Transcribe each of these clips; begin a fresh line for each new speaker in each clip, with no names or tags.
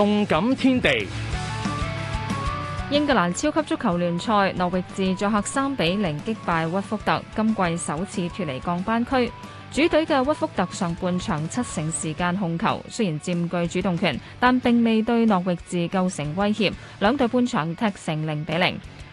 動感天地，英格蘭超級足球聯賽，諾域治作客三比零擊敗屈福特，今季首次脫離降班區。主隊嘅屈福特上半場七成時間控球，雖然佔據主動權，但並未對諾域治構成威脅，兩隊半場踢成零比零。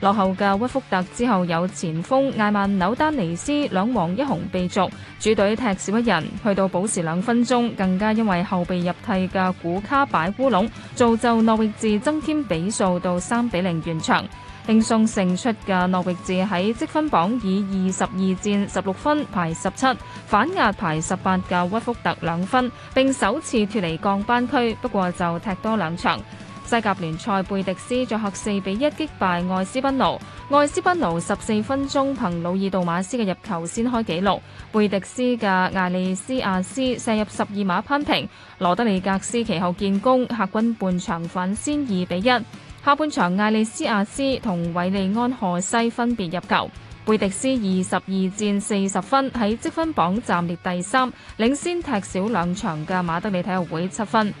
落後嘅屈福特之後有前鋒艾曼紐丹尼斯兩黃一紅被逐，主隊踢少一人，去到補時兩分鐘更加因為後備入替嘅古卡擺烏龍，造就諾域治增添比數到三比零完場。輕鬆勝出嘅諾域治喺積分榜以二十二戰十六分排十七，反壓排十八嘅屈福特兩分，並首次脫離降班區，不過就踢多兩場。西甲聯賽貝迪斯作客四比一擊敗愛斯賓奴，愛斯賓奴十四分鐘憑魯爾杜馬斯嘅入球先開紀錄，貝迪斯嘅艾利斯亞斯射入十二碼扳平，羅德里格斯其後建功，客軍半場反先二比一。下半場艾利斯亞斯同韋利安荷西分別入球，貝迪斯二十二戰四十分喺積分榜暫列第三，領先踢少兩場嘅馬德里體育會七分。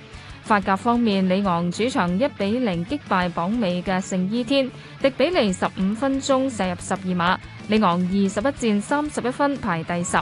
法甲方面，里昂主場一比零擊敗榜尾嘅聖伊天，迪比尼十五分鐘射入十二碼，里昂二十一戰三十一分排第十。